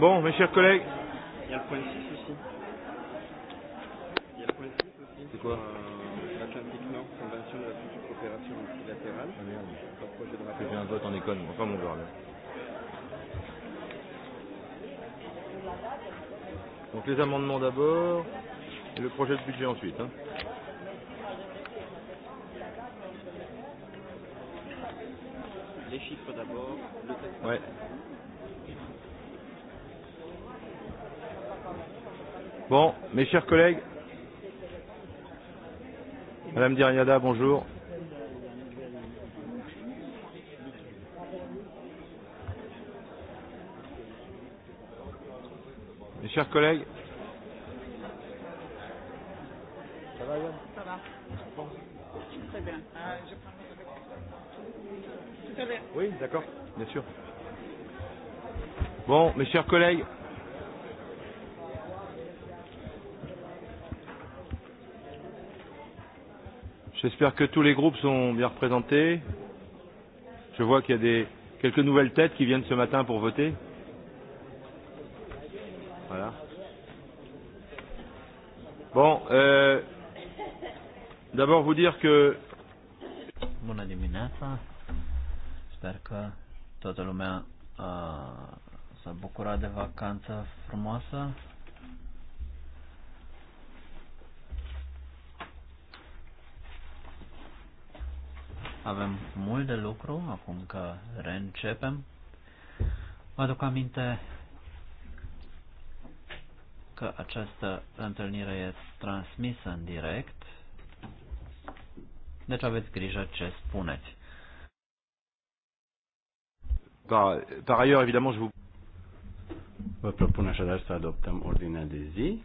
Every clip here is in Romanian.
Bon, mes chers collègues. Il y a le point 6 aussi. Il y a le point 6 aussi. C'est quoi euh, L'Atlantique Nord, Convention de la future coopération multilatérale. Ah merde. Pas projet de rappel. J'ai un vote en école, enfin mon verre là. Donc les amendements d'abord et le projet de budget ensuite. Hein. Mes chers collègues, Madame Diriada, bonjour. Mes chers collègues, ça va, Yann Ça va. Bon. Très bien. Euh, je prends Tout à l'heure. Oui, d'accord, bien sûr. Bon, mes chers collègues. J'espère que tous les groupes sont bien représentés. Je vois qu'il y a des, quelques nouvelles têtes qui viennent ce matin pour voter. Voilà. Bon, euh, d'abord vous dire que. Bună dimineața. Sper că toată lumea uh, s-a bucurat de vacanță frumoasă. Avem mult de lucru acum că reîncepem. Vă aduc aminte că această întâlnire e transmisă în direct, deci aveți grijă ce spuneți. Par, par ailleurs, evident, je vous... Vă propun așadar să adoptăm ordinea de zi.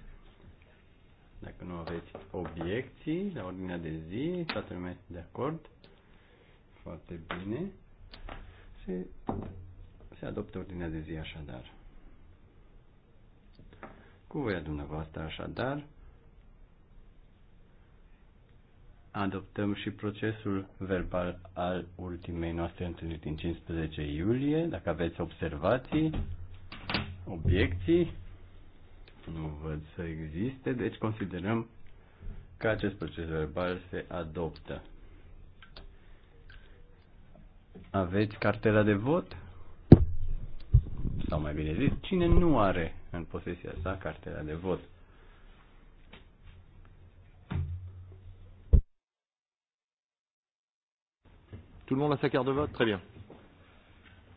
Dacă nu aveți obiecții la ordinea de zi, toată lumea este de acord. Foarte bine. Se, se adoptă ordinea de zi așadar. Cu voia dumneavoastră așadar, adoptăm și procesul verbal al ultimei noastre întâlniri din 15 iulie. Dacă aveți observații, obiecții, nu văd să existe, deci considerăm că acest proces verbal se adoptă. Aveți cartela de vot? Sau mai bine zis, cine nu are în posesia sa cartela de vot? Tout le monde a sa carte de vote Très bien.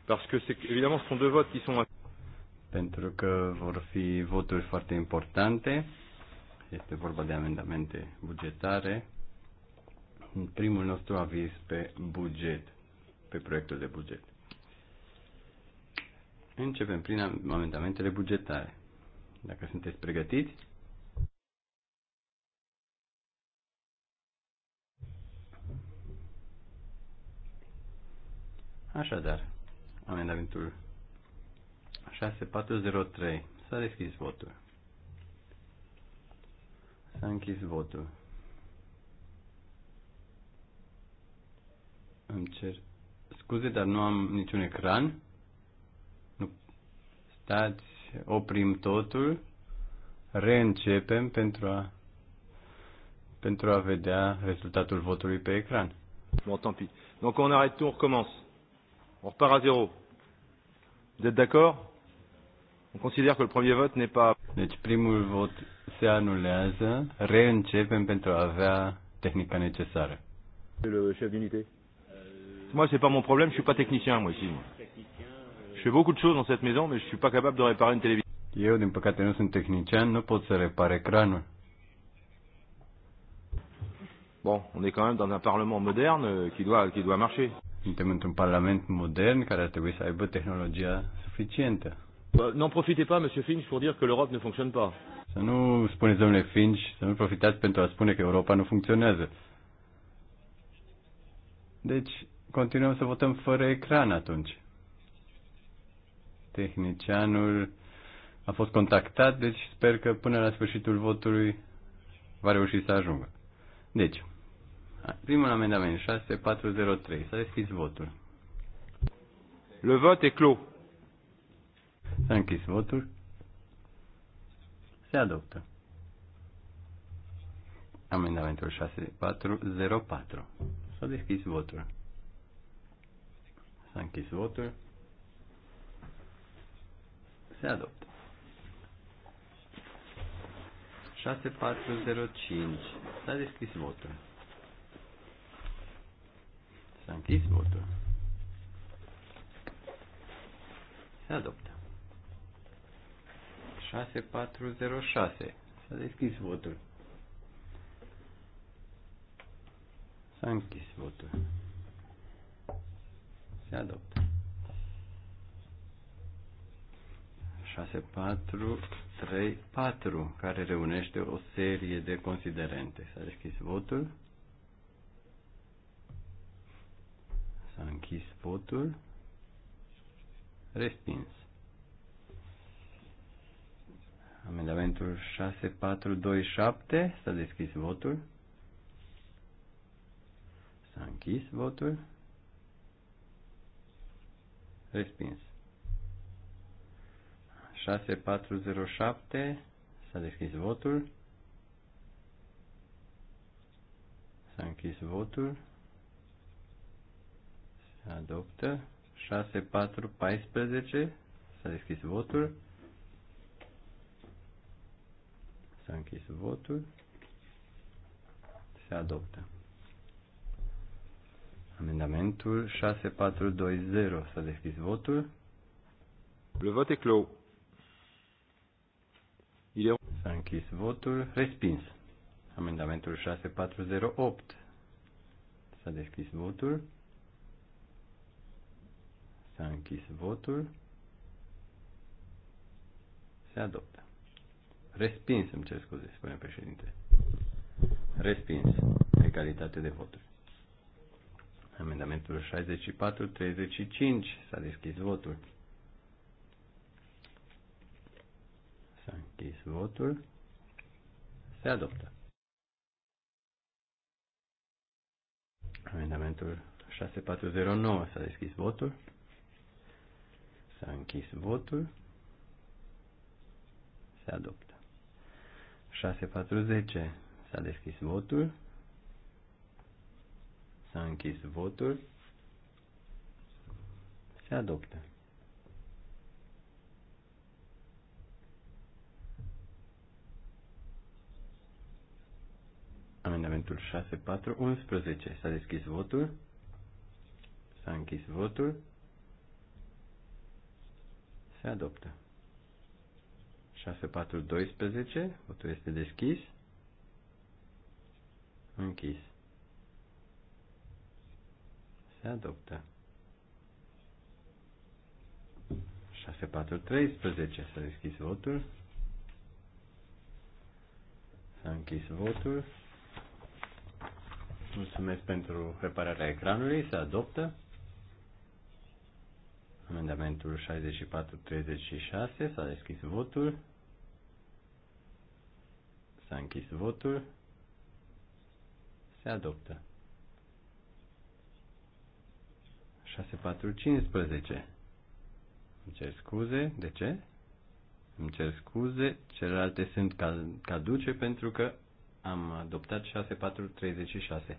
Parce que c'est évidemment ce sont deux votes qui sont pentru că vor fi voturi foarte importante. Este vorba de amendamente bugetare. În primul nostru aviz pe buget pe proiectul de buget. Începem prin amendamentele bugetare. Dacă sunteți pregătiți, Așadar, amendamentul 6403 s-a deschis votul. S-a închis votul. Îmi cer scuze, dar nu am niciun ecran. Nu. Stați, oprim totul, reîncepem pentru a, pentru a vedea rezultatul votului pe ecran. Bon, tant pis. Donc on arrête tout, on recommence. On repart à zéro. Vous êtes d'accord On considère que le premier vote n'est pas... Deci primul vot se anulează, reîncepem pentru a avea tehnica necesară. Le chef d'unité Moi, c'est pas mon problème, je suis pas technicien, moi, ici. Moi. Je fais beaucoup de choses dans cette maison, mais je suis pas capable de réparer une télévision. Eu, din păcate, nu sunt tehnician, nu pot să repar ecranul. Bon, on est quand même dans un parlement moderne euh, qui doit, qui doit marcher. Suntem într-un parlament modern care ar trebui să aibă tehnologia suficientă. N'en profitez pas, Monsieur Finch, pour dire que l'Europe ne fonctionne pas. Să nu spuneți, domnule Finch, să nu profitați pentru a spune că Europa nu funcționează. Deci, continuăm să votăm fără ecran atunci. Tehnicianul a fost contactat, deci sper că până la sfârșitul votului va reuși să ajungă. Deci, primul amendament 6403. S-a deschis votul. Le vot e clos. S-a închis votul. Se adoptă. Amendamentul 6404. S-a deschis votul. S-a închis votul. Se adoptă. 6405. S-a deschis votul. S-a închis votul. Se adoptă. 6406. S-a deschis votul. S-a închis votul. Se adoptă. 6434, care reunește o serie de considerente. S-a deschis votul. S-a închis votul. Respins. Amendamentul 6427, s-a deschis votul. S-a închis votul. Respins. 6407. S-a deschis votul. S-a închis votul. Se adoptă. 6414. S-a deschis votul. S-a închis votul. Se adoptă. Amendamentul 6420. S-a deschis votul. Le vot est clos. Il est... S-a închis votul. Respins. Amendamentul 6408. S-a deschis votul. S-a închis votul. Se adoptă. Respins, îmi cer scuze, spune președinte. Respins. Egalitate de voturi. Amendamentul 64-35 s-a deschis votul. S-a închis votul. Se adoptă. Amendamentul 6409 s-a deschis votul. S-a închis votul. Se adoptă. 6410 s-a deschis votul. S-a închis votul. Se adoptă. Amendamentul 6411. S-a deschis votul. S-a închis votul. Se adoptă. 6412. Votul este deschis. Închis se adoptă. 6413 s-a deschis votul. S-a închis votul. Mulțumesc pentru repararea ecranului. Se adoptă. Amendamentul 6436 s-a deschis votul. S-a închis votul. Se adoptă. 15. Îmi cer scuze. De ce? Îmi cer scuze. Celelalte sunt caduce pentru că am adoptat 36.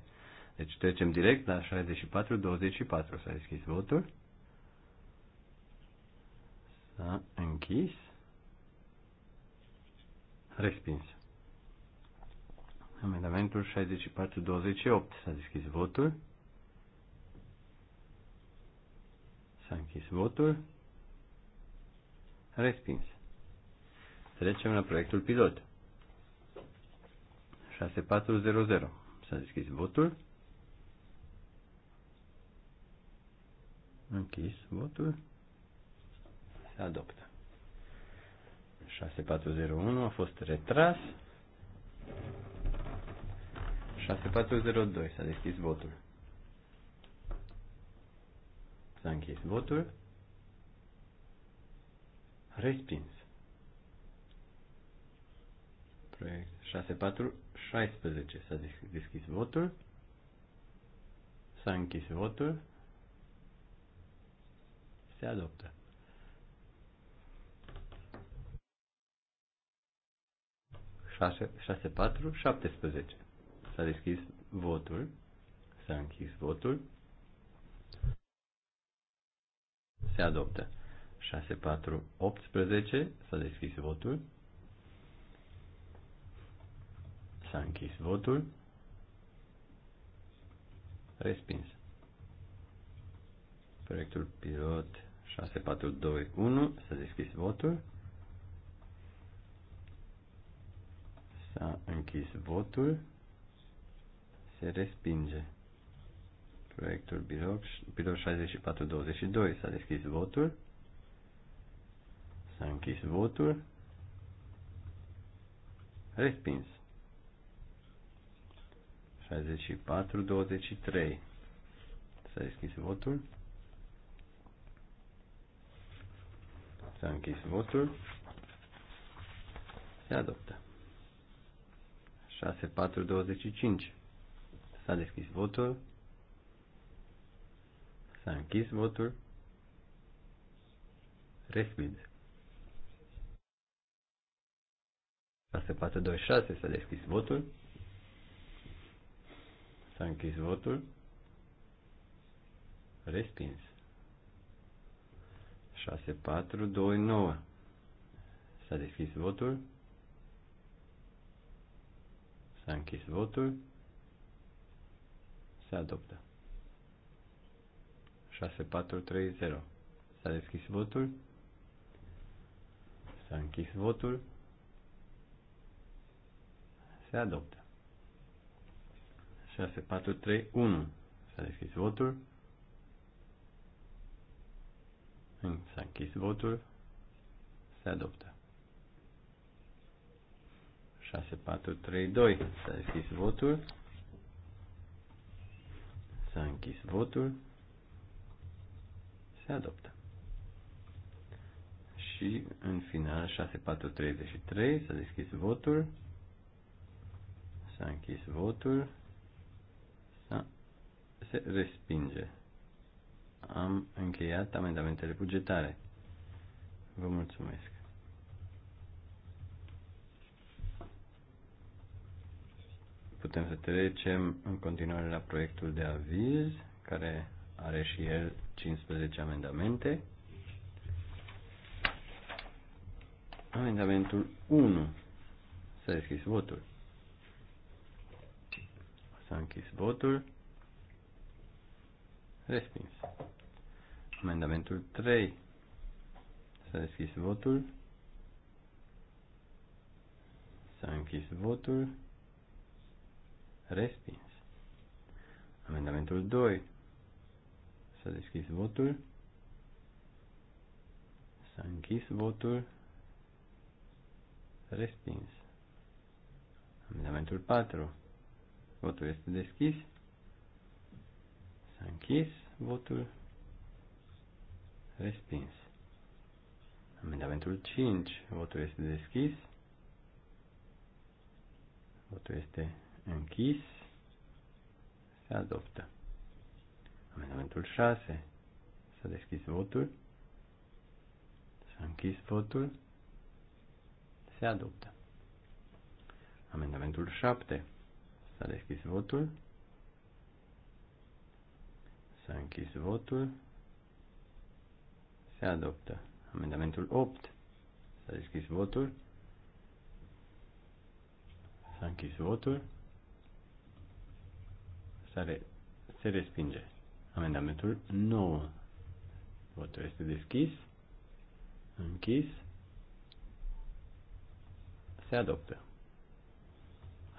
Deci trecem direct la 24. S-a deschis votul. S-a închis. Respins. Amendamentul 64-28 S-a deschis votul. S-a închis votul. Respins. Trecem la proiectul pilot. 6400. S-a deschis votul. Închis votul. Se adoptă. 6401 a fost retras. 6402 s-a deschis votul. S-a închis votul. Respins. Proiect 6416. S-a deschis votul. S-a închis votul. Se adoptă. Șase, șase, patru, S-a deschis votul. S-a închis votul. se adoptă. 6418 s-a deschis votul. S-a închis votul. Respins. Proiectul pilot 6421 s-a deschis votul. S-a închis votul. Se respinge proiectul Bilog, Bilog 6422. S-a deschis votul. S-a închis votul. Respins. 6423. S-a deschis votul. S-a închis votul. Se adoptă. 6425. S-a deschis votul. S-a închis votul. Respins. 6426 s-a deschis votul. S-a închis votul. Respins. 6429 s-a deschis votul. S-a închis votul. Se adoptă. 6430. S-a deschis votul. S-a închis votul. Se adoptă. 6431. S-a deschis votul. S-a închis votul. Se adoptă. 6432. S-a deschis votul. S-a închis votul. Se adoptă. Și în final 6433 s-a deschis votul. S-a închis votul. S-a, se respinge. Am încheiat amendamentele bugetare. Vă mulțumesc. Putem să trecem în continuare la proiectul de aviz, care are și el 15 amendamente. Amendamentul 1. S-a deschis votul. S-a închis votul. Respins. Amendamentul 3. S-a deschis votul. S-a închis votul. Respins. Amendamentul 2. S-a deschis votul. S-a închis votul. Respins. Amendamentul 4. Votul este deschis. S-a închis votul. Respins. Amendamentul 5. Votul este deschis. Votul este închis. Se adoptă. Amendamentul 6. S-a deschis votul. S-a închis votul. Se adoptă. Amendamentul 7. S-a deschis votul. S-a închis votul. Se adoptă. Amendamentul 8. S-a deschis votul. S-a închis votul. Se, se respinge. Amendamentul 9. Votul este deschis. Închis. Se adoptă.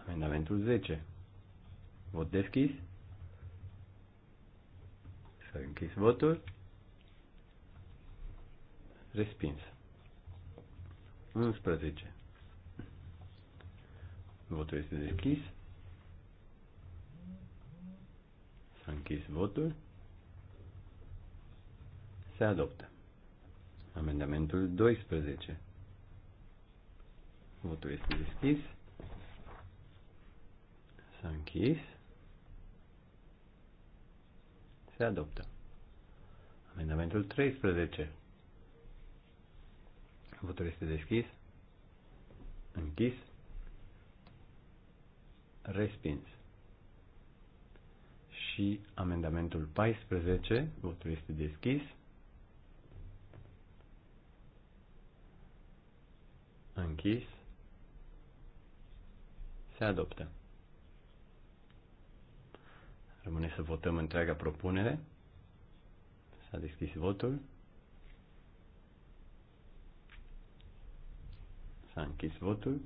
Amendamentul 10. Vot deschis. S-a închis votul. Respins. 11. Votul este deschis. S-a închis votul. Se adoptă. Amendamentul 12. Votul este deschis. S-a închis. Se adoptă. Amendamentul 13. Votul este deschis. Închis. Respins. Și amendamentul 14. Votul este deschis. închis, se adoptă. Rămâne să votăm întreaga propunere. S-a deschis votul. S-a închis votul.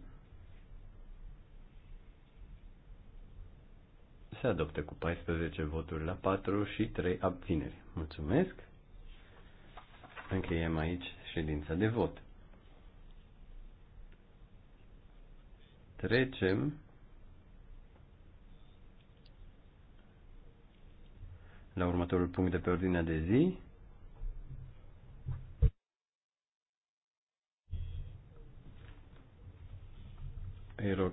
Se adoptă cu 14 voturi la 4 și 3 abțineri. Mulțumesc! Încheiem aici ședința de vot. trecem la următorul punct de pe ordinea de zi. Îi rog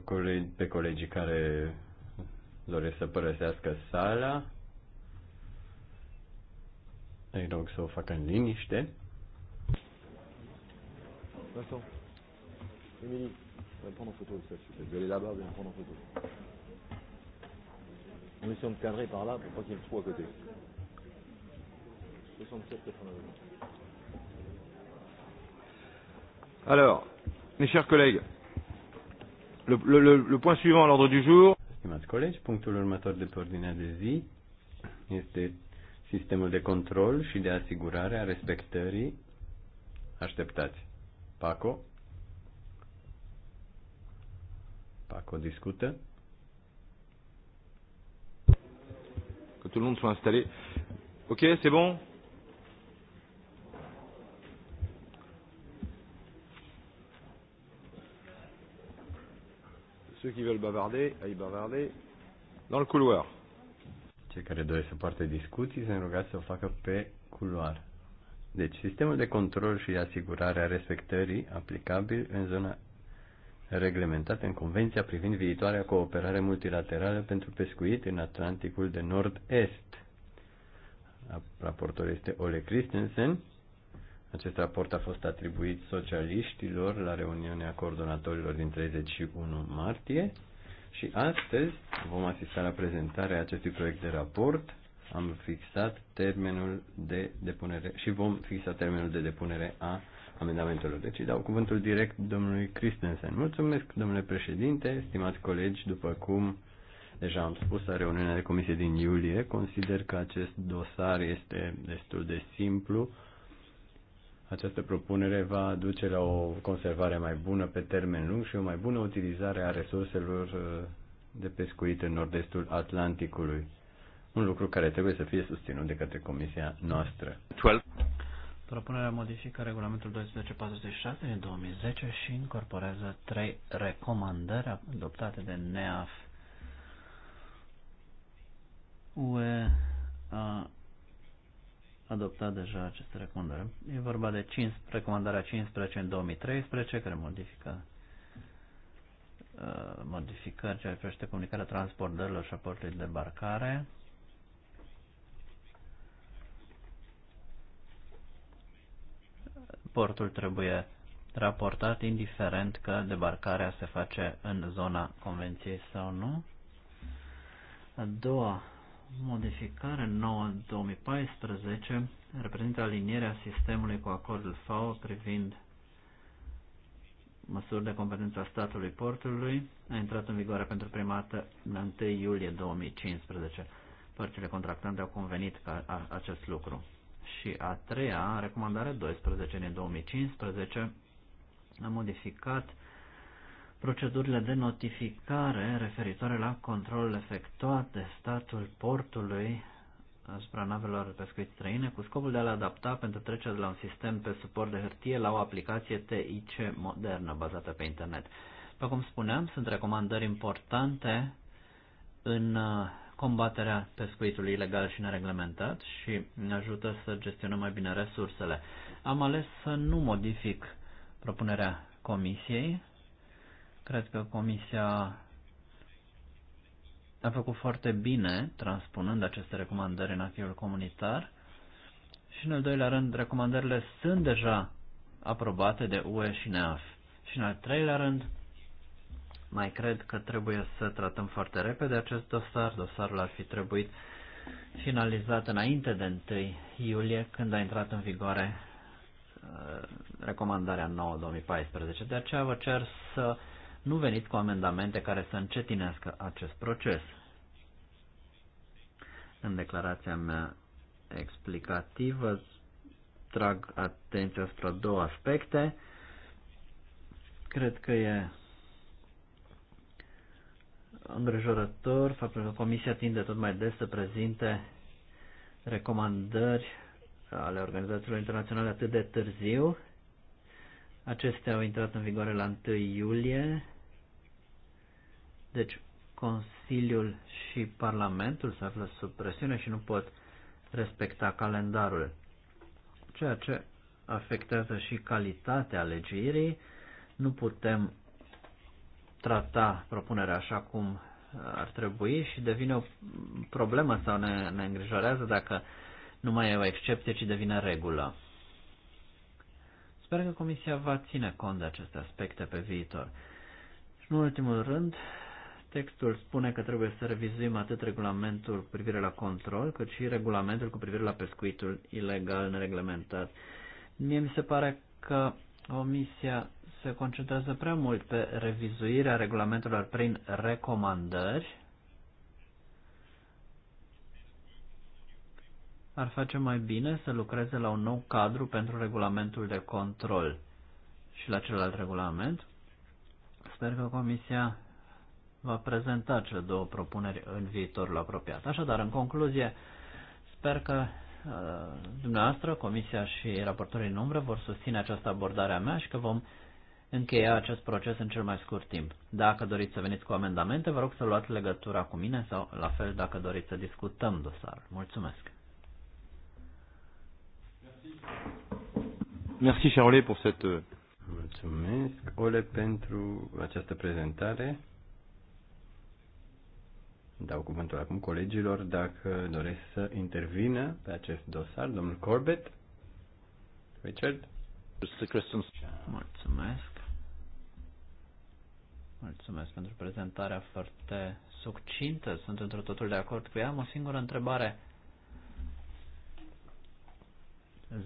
pe colegii care doresc să părăsească sala, îi rog să o facă în liniște. Vincent, On va prendre en photo le statut. Je vais aller là-bas, je vais prendre en photo. On essaie de cadrer par là pour pas qu'il y ait le trou à côté. 67, Alors, mes chers collègues, le, le, le, le point suivant à l'ordre du jour. Stimați colegi, punctul următor de pe ordinea de zi este sistemul de control și de asigurare a respectării. Așteptați. Paco. PAC o discută. Que tout le monde soit installé. Ok, c'est bon Ceux qui veulent bavarder, aillent bavarder dans le couloir. Cei care doresc să poartă discuții, sunt rugați să o facă pe culoar. Deci, sistemul de control și asigurare a respectării aplicabil în zona reglementate în Convenția privind viitoarea cooperare multilaterală pentru pescuit în Atlanticul de Nord-Est. Raportor este Ole Christensen. Acest raport a fost atribuit socialiștilor la reuniunea coordonatorilor din 31 martie și astăzi vom asista la prezentarea acestui proiect de raport. Am fixat termenul de depunere și vom fixa termenul de depunere a amendamentelor. Deci dau cuvântul direct domnului Christensen. Mulțumesc, domnule președinte, stimați colegi, după cum deja am spus la reuniunea de comisie din iulie, consider că acest dosar este destul de simplu. Această propunere va duce la o conservare mai bună pe termen lung și o mai bună utilizare a resurselor uh, de pescuit în nord-estul Atlanticului. Un lucru care trebuie să fie susținut de către comisia noastră. 12. Propunerea modifică regulamentul 1246 din 2010 și incorporează trei recomandări adoptate de NEAF. UE a adoptat deja aceste recomandări. E vorba de 5, recomandarea 15 în 2013 care modifică uh, modificări ceea ce privește comunicarea transportărilor și aportului de barcare portul trebuie raportat indiferent că debarcarea se face în zona convenției sau nu. A doua modificare 9-2014 reprezintă alinierea sistemului cu acordul FAO privind măsuri de competență a statului portului. A intrat în vigoare pentru prima dată în 1 iulie 2015. Părțile contractante au convenit ca acest lucru. Și a treia, recomandare 12 din 2015, a modificat procedurile de notificare referitoare la controlul efectuat de statul portului asupra navelor de pescuit străine cu scopul de a le adapta pentru trecerea de la un sistem pe suport de hârtie la o aplicație TIC modernă bazată pe internet. După cum spuneam, sunt recomandări importante în combaterea pescuitului ilegal și nereglementat și ne ajută să gestionăm mai bine resursele. Am ales să nu modific propunerea comisiei. Cred că comisia a făcut foarte bine transpunând aceste recomandări în acquis comunitar. Și în al doilea rând, recomandările sunt deja aprobate de UE și NEAF. Și în al treilea rând, mai cred că trebuie să tratăm foarte repede acest dosar. Dosarul ar fi trebuit finalizat înainte de 1 iulie, când a intrat în vigoare uh, recomandarea 9-2014. De aceea vă cer să nu veniți cu amendamente care să încetinească acest proces. În declarația mea explicativă trag atenția asupra două aspecte. Cred că e îngrijorător faptul că Comisia tinde tot mai des să prezinte recomandări ale organizațiilor internaționale atât de târziu. Acestea au intrat în vigoare la 1 iulie, deci Consiliul și Parlamentul se află sub presiune și nu pot respecta calendarul, ceea ce afectează și calitatea alegerii. Nu putem trata propunerea așa cum uh, ar trebui și devine o problemă sau ne, ne îngrijorează dacă nu mai e o excepție, ci devine regulă. Sper că Comisia va ține cont de aceste aspecte pe viitor. Și în ultimul rând, textul spune că trebuie să revizuim atât regulamentul cu privire la control, cât și regulamentul cu privire la pescuitul ilegal nereglementat. Mie mi se pare că Comisia se concentrează prea mult pe revizuirea regulamentelor prin recomandări. Ar face mai bine să lucreze la un nou cadru pentru regulamentul de control și la celălalt regulament. Sper că Comisia va prezenta cele două propuneri în viitorul apropiat. Așadar, în concluzie, sper că dumneavoastră, Comisia și raportorii în umbră vor susține această abordare a mea și că vom încheia acest proces în cel mai scurt timp. Dacă doriți să veniți cu amendamente, vă rog să luați legătura cu mine sau la fel dacă doriți să discutăm dosarul. Mulțumesc! Merci, Charlie, pour cette... Euh, Mulțumesc, Ole, pentru această prezentare. Dau cuvântul acum colegilor dacă doresc să intervină pe acest dosar. Domnul Corbett? Richard? Mulțumesc. Mulțumesc pentru prezentarea foarte succintă. Sunt într totul de acord cu ea. Am o singură întrebare.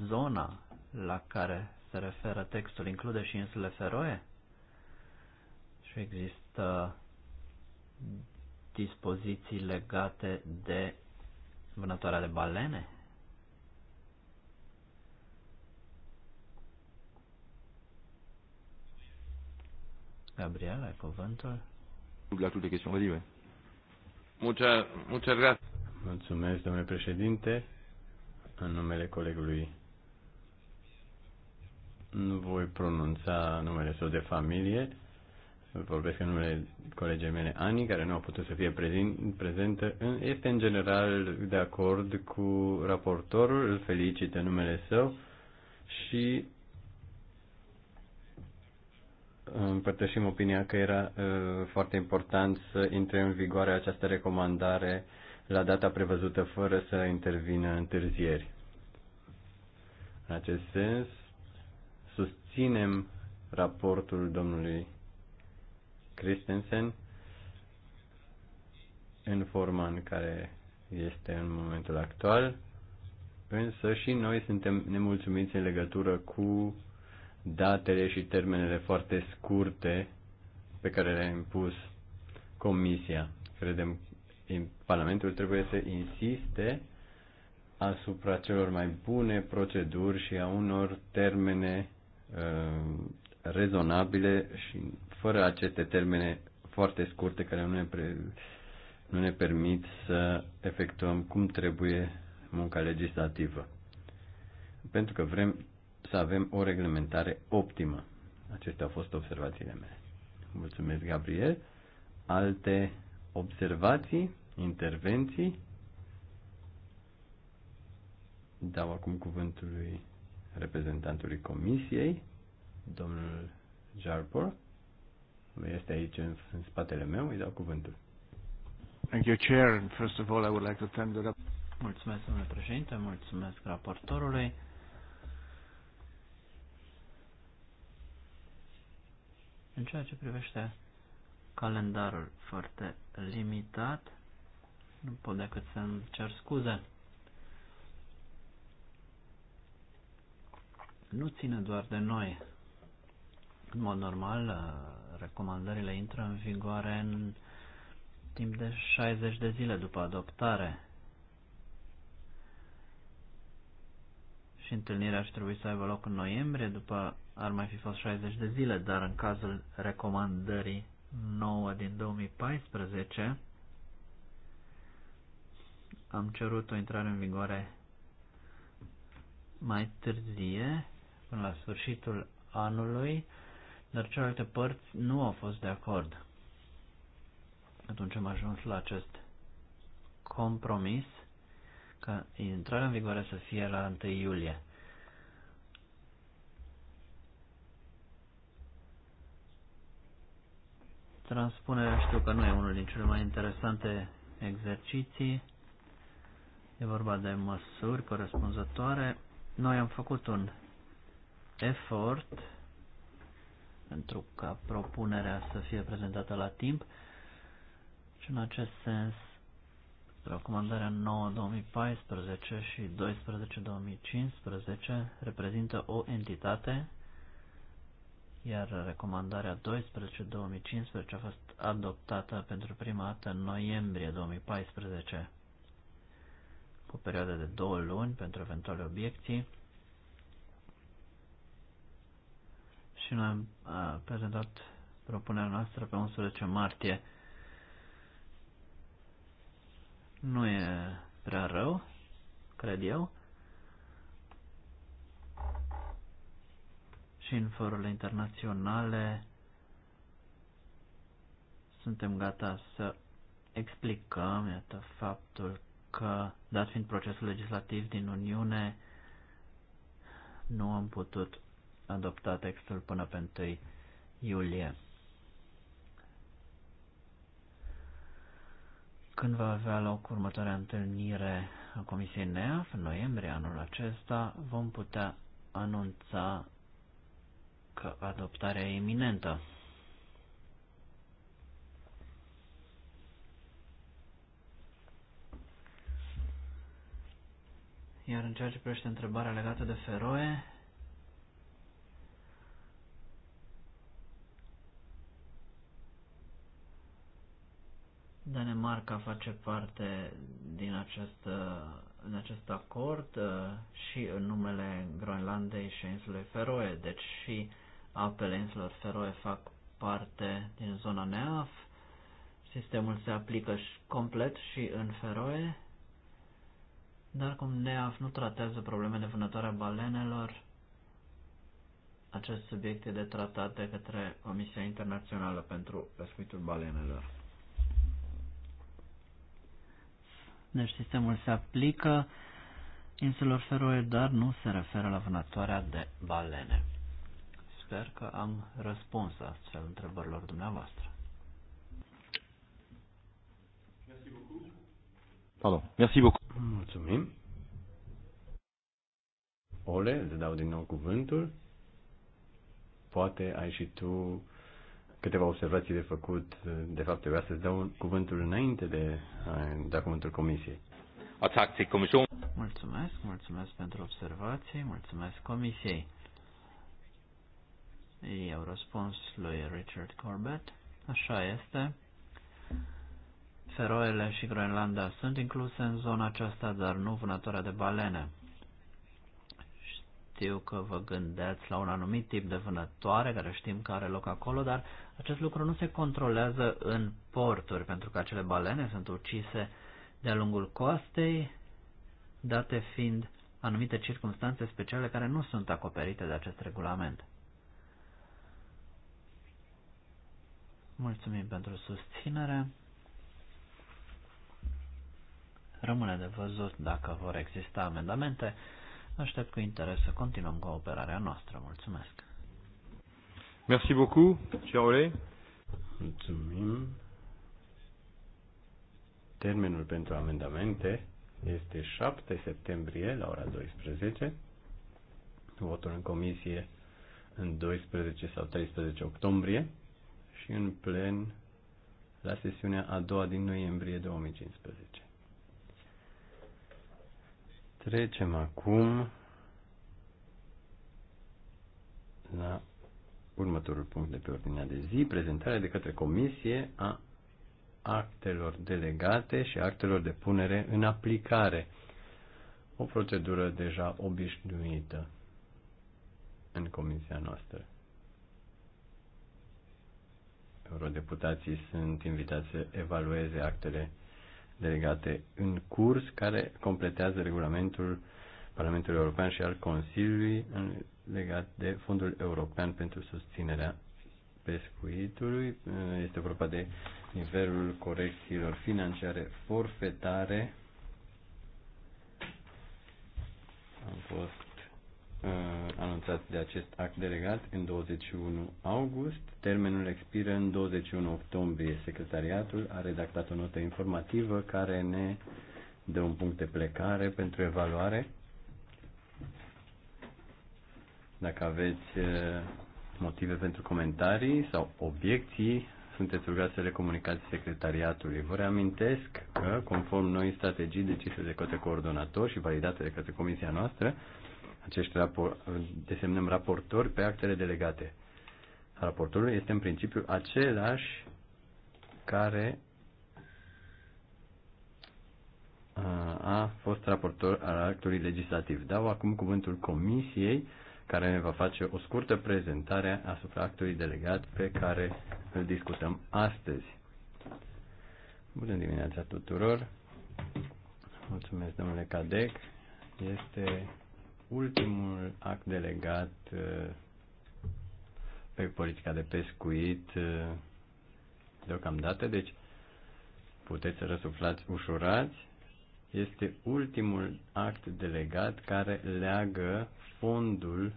Zona la care se referă textul include și insulele Feroe? Și există dispoziții legate de vânătoarea de balene? Gabriel, ai cuvântul? La toate chestiunile, dime. Muchas, muchas gracias. Mulțumesc, domnule președinte, în numele colegului. Nu voi pronunța numele său de familie, vorbesc în numele colegii mele, Ani, care nu a putut să fie prezentă, este în general de acord cu raportorul, îl felicită numele său și împărtășim opinia că era uh, foarte important să intre în vigoare această recomandare la data prevăzută fără să intervină întârzieri. În acest sens, susținem raportul domnului Christensen în forma în care este în momentul actual, însă și noi suntem nemulțumiți în legătură cu datele și termenele foarte scurte pe care le-a impus Comisia. Credem că Parlamentul trebuie să insiste asupra celor mai bune proceduri și a unor termene uh, rezonabile și fără aceste termene foarte scurte care nu ne, pre, nu ne permit să efectuăm cum trebuie munca legislativă. Pentru că vrem să avem o reglementare optimă. Acestea au fost observațiile mele. Mulțumesc, Gabriel. Alte observații, intervenții? Dau acum cuvântul lui reprezentantului Comisiei, domnul Jarpor este aici în, în spatele meu, îi dau cuvântul. Thank you, Chair. First of all, I would like to thank the Mulțumesc, domnule președinte, mulțumesc raportorului. În ceea ce privește calendarul foarte limitat, nu pot decât să-mi cer scuze. Nu ține doar de noi. În mod normal, recomandările intră în vigoare în timp de 60 de zile după adoptare. Și întâlnirea ar trebui să aibă loc în noiembrie, după ar mai fi fost 60 de zile, dar în cazul recomandării 9 din 2014 am cerut o intrare în vigoare mai târzie, până la sfârșitul anului, dar celelalte părți nu au fost de acord. Atunci am ajuns la acest compromis ca intrarea în vigoare să fie la 1 iulie. Transpunerea știu că nu e unul din cele mai interesante exerciții. E vorba de măsuri corespunzătoare. Noi am făcut un efort pentru ca propunerea să fie prezentată la timp și în acest sens recomandarea 9-2014 și 12-2015 reprezintă o entitate iar recomandarea 12-2015 a fost adoptată pentru prima dată în noiembrie 2014 cu perioada de două luni pentru eventuale obiecții și noi am prezentat propunerea noastră pe 11 martie. Nu e prea rău, cred eu. Și în forurile internaționale suntem gata să explicăm, iată, faptul că, dat fiind procesul legislativ din Uniune, nu am putut adopta textul până pe 1 iulie. Când va avea loc următoarea întâlnire a Comisiei NEAF, în noiembrie anul acesta, vom putea anunța că adoptarea e iminentă. Iar în ceea ce privește întrebarea legată de feroe, Danemarca face parte din acest, în acest acord uh, și în numele Groenlandei și insulei Feroe, deci și apele insulor Feroe fac parte din zona NEAF. Sistemul se aplică și complet și în Feroe, dar cum NEAF nu tratează probleme de vânătoare a balenelor, acest subiect e de tratat de către Comisia Internațională pentru Pescuitul Balenelor. Deci sistemul se aplică insulor feroe, dar nu se referă la vânătoarea de balene. Sper că am răspuns astfel întrebărilor dumneavoastră. Pardon. Merci beaucoup. Mulțumim. Ole, îți dau din nou cuvântul. Poate ai și tu câteva observații de făcut. De fapt, trebuia să-ți dau cuvântul înainte de a eh, da cuvântul comisiei. Mulțumesc, mulțumesc pentru observații, mulțumesc comisiei. Eu răspuns lui Richard Corbett. Așa este. Feroele și Groenlanda sunt incluse în zona aceasta, dar nu vânătoarea de balene știu că vă gândeați la un anumit tip de vânătoare care știm că are loc acolo, dar acest lucru nu se controlează în porturi, pentru că acele balene sunt ucise de-a lungul coastei, date fiind anumite circunstanțe speciale care nu sunt acoperite de acest regulament. Mulțumim pentru susținere. Rămâne de văzut dacă vor exista amendamente. Aștept cu interes să continuăm cooperarea noastră. Mulțumesc! Merci beaucoup, Charolais. Mulțumim. Termenul pentru amendamente este 7 septembrie la ora 12. Votul în comisie în 12 sau 13 octombrie și în plen la sesiunea a doua din noiembrie 2015. Trecem acum la următorul punct de pe ordinea de zi, prezentarea de către Comisie a actelor delegate și actelor de punere în aplicare. O procedură deja obișnuită în comisia noastră. Eurodeputații sunt invitați să evalueze actele delegate în curs care completează regulamentul Parlamentului European și al Consiliului în legat de Fondul European pentru susținerea pescuitului. Este vorba de nivelul corecțiilor financiare forfetare. Am fost Uh, anunțat de acest act delegat în 21 august. Termenul expiră în 21 octombrie. Secretariatul a redactat o notă informativă care ne dă un punct de plecare pentru evaluare. Dacă aveți uh, motive pentru comentarii sau obiecții, sunteți rugați să le comunicați secretariatului. Vă reamintesc că, conform noi strategii decise de către coordonator și validate de către comisia noastră, acești rapor, desemnăm raportori pe actele delegate. Raportorul este în principiu același care a fost raportor al actului legislativ. Dau acum cuvântul comisiei care ne va face o scurtă prezentare asupra actului delegat pe care îl discutăm astăzi. Bună dimineața tuturor! Mulțumesc, domnule Cadec! Este ultimul act delegat uh, pe politica de pescuit uh, deocamdată, deci puteți să răsuflați ușurați, este ultimul act delegat care leagă fondul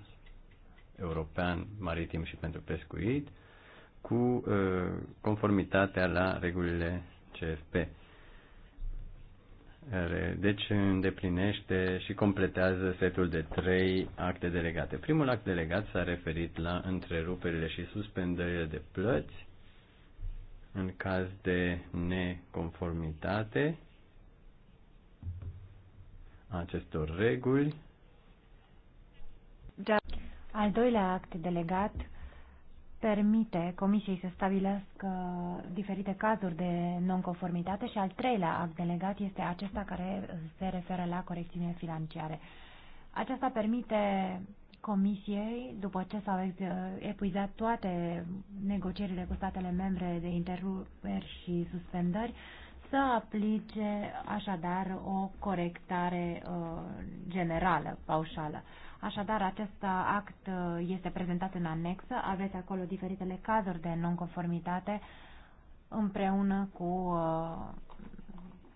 european maritim și pentru pescuit cu uh, conformitatea la regulile CFP. Deci îndeplinește și completează setul de trei acte delegate. Primul act delegat s-a referit la întreruperile și suspendările de plăți în caz de neconformitate acestor reguli. Da. Al doilea act delegat permite Comisiei să stabilească diferite cazuri de nonconformitate și al treilea act delegat este acesta care se referă la corecțiune financiare. Aceasta permite Comisiei, după ce s-au epuizat toate negocierile cu statele membre de interruperi și suspendări, să aplice așadar o corectare uh, generală, paușală. Uh, Așadar, acest act uh, este prezentat în anexă. Aveți acolo diferitele cazuri de nonconformitate împreună cu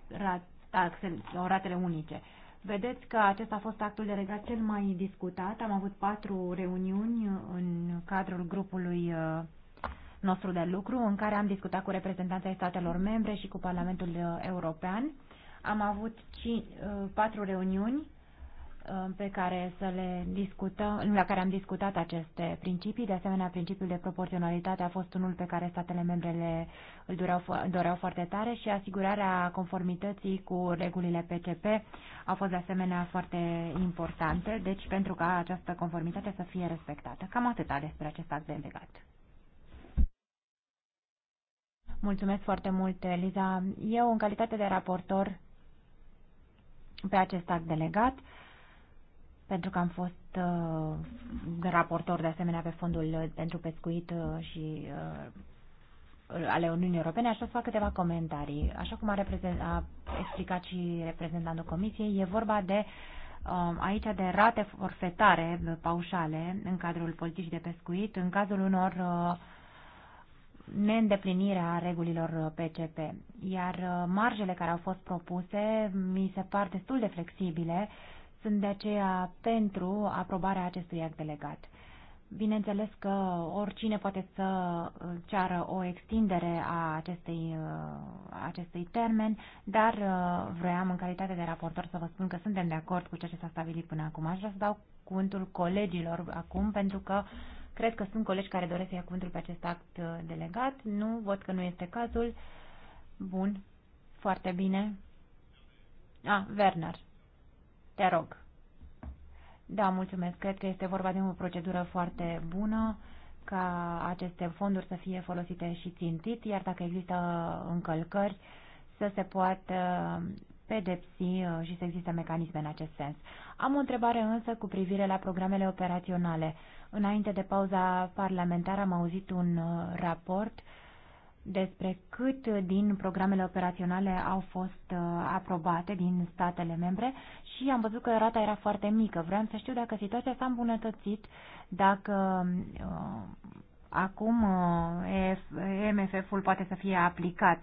uh, taxele, ratele unice. Vedeți că acesta a fost actul delegat cel mai discutat. Am avut patru reuniuni în cadrul grupului uh, nostru de lucru în care am discutat cu reprezentanții statelor membre și cu Parlamentul European. Am avut patru reuniuni Uh, pe care să le discutăm, la care am discutat aceste principii. De asemenea, principiul de proporționalitate a fost unul pe care statele membre le îl dureau, doreau foarte tare și asigurarea conformității cu regulile PCP a fost de asemenea foarte importante, deci pentru ca această conformitate să fie respectată. Cam atâta despre acest act delegat. Mulțumesc foarte mult, Eliza. Eu, în calitate de raportor pe acest act delegat, pentru că am fost uh, raportor de asemenea pe fondul uh, pentru pescuit uh, și uh, ale Uniunii Europene, aș vrea să fac câteva comentarii. Așa cum a, a explicat și reprezentantul Comisiei, e vorba de uh, aici de rate forfetare paușale în cadrul politicii de pescuit, în cazul unor uh, neîndeplinirea regulilor PCP. Iar uh, marjele care au fost propuse mi se par destul de flexibile sunt de aceea pentru aprobarea acestui act delegat. Bineînțeles că oricine poate să ceară o extindere a acestei, a uh, acestui termen, dar uh, vreau în calitate de raportor să vă spun că suntem de acord cu ceea ce s-a stabilit până acum. Aș vrea să dau cuvântul colegilor acum, pentru că cred că sunt colegi care doresc să ia cuvântul pe acest act uh, delegat. Nu, văd că nu este cazul. Bun, foarte bine. A, ah, Werner. Te rog. Da, mulțumesc. Cred că este vorba de o procedură foarte bună ca aceste fonduri să fie folosite și țintit, iar dacă există încălcări, să se poată pedepsi uh, și să există mecanisme în acest sens. Am o întrebare însă cu privire la programele operaționale. Înainte de pauza parlamentară am auzit un uh, raport uh, despre cât din programele operaționale au fost uh, aprobate din statele membre și am văzut că rata era foarte mică. Vreau să știu dacă situația s-a îmbunătățit, dacă uh, acum uh, MFF-ul poate să fie aplicat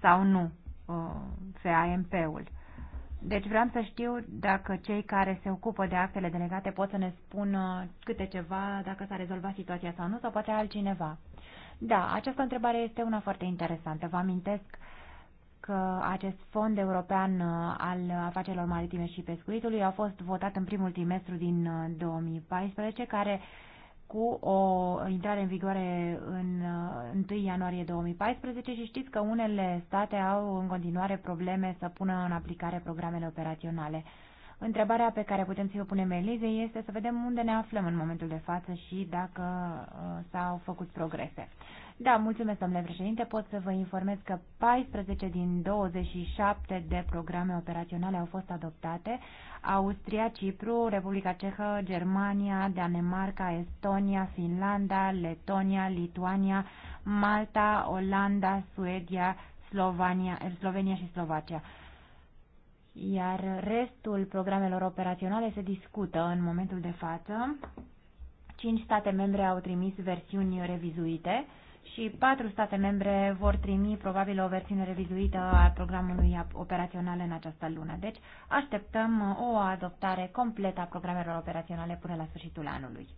sau nu, uh, FAMP-ul. Deci vreau să știu dacă cei care se ocupă de actele delegate pot să ne spună câte ceva, dacă s-a rezolvat situația sau nu, sau poate altcineva. Da, această întrebare este una foarte interesantă. Vă amintesc că acest fond european uh, al afacerilor maritime și pescuitului a fost votat în primul trimestru din 2014, uh, care cu o intrare în vigoare în 1 uh, ianuarie 2014 și știți că unele state au în continuare probleme să pună în aplicare programele operaționale. Întrebarea pe care putem să o punem Elizei este să vedem unde ne aflăm în momentul de față și dacă uh, s-au făcut progrese. Da, mulțumesc, domnule președinte. Pot să vă informez că 14 din 27 de programe operaționale au fost adoptate. Austria, Cipru, Republica Cehă, Germania, Danemarca, Estonia, Finlanda, Letonia, Lituania, Malta, Olanda, Suedia, Slovenia, Slovenia și Slovacia iar restul programelor operaționale se discută în momentul de față. Cinci state membre au trimis versiuni revizuite și patru state membre vor trimi probabil o versiune revizuită a programului operațional în această lună. Deci așteptăm o adoptare completă a programelor operaționale până la sfârșitul anului.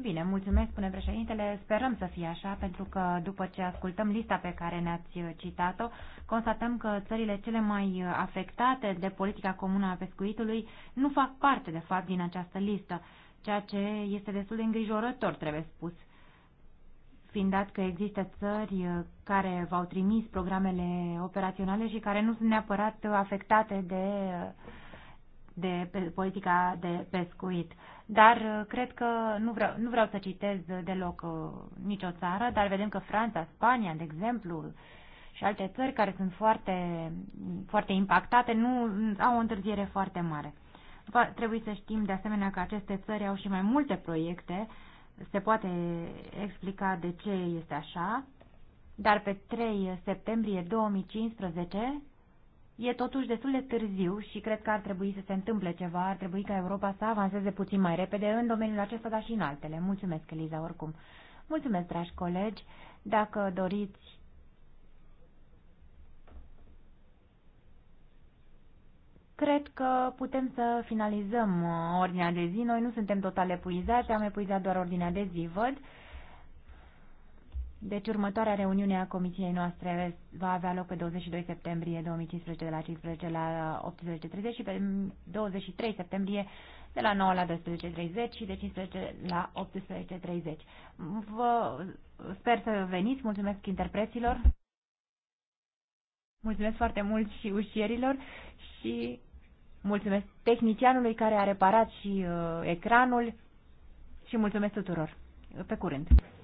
Bine, mulțumesc, spune președintele. Sperăm să fie așa, pentru că după ce ascultăm lista pe care ne-ați citat-o, constatăm că țările cele mai afectate de politica comună a pescuitului nu fac parte, de fapt, din această listă, ceea ce este destul de îngrijorător, trebuie spus. Fiind dat că există țări care v-au trimis programele operaționale și care nu sunt neapărat afectate de, de politica de pescuit dar uh, cred că nu vreau, nu vreau să citez deloc uh, nicio țară, dar vedem că Franța, Spania, de exemplu, și alte țări care sunt foarte, foarte impactate, nu au o întârziere foarte mare. Trebuie să știm de asemenea că aceste țări au și mai multe proiecte, se poate explica de ce este așa, dar pe 3 septembrie 2015 E totuși destul de târziu și cred că ar trebui să se întâmple ceva, ar trebui ca Europa să avanseze puțin mai repede în domeniul acesta, dar și în altele. Mulțumesc, Eliza, oricum. Mulțumesc, dragi colegi. Dacă doriți cred că putem să finalizăm uh, ordinea de zi. Noi nu suntem total epuizați, am epuizat doar ordinea de zi, văd. Deci următoarea reuniune a comisiei noastre va avea loc pe 22 septembrie 2015 de la 15 la 18.30 și pe 23 septembrie de la 9 la 12.30 și de 15 la 18.30. Vă sper să veniți, mulțumesc interpreților, mulțumesc foarte mult și ușierilor și mulțumesc tehnicianului care a reparat și uh, ecranul și mulțumesc tuturor. Pe curând!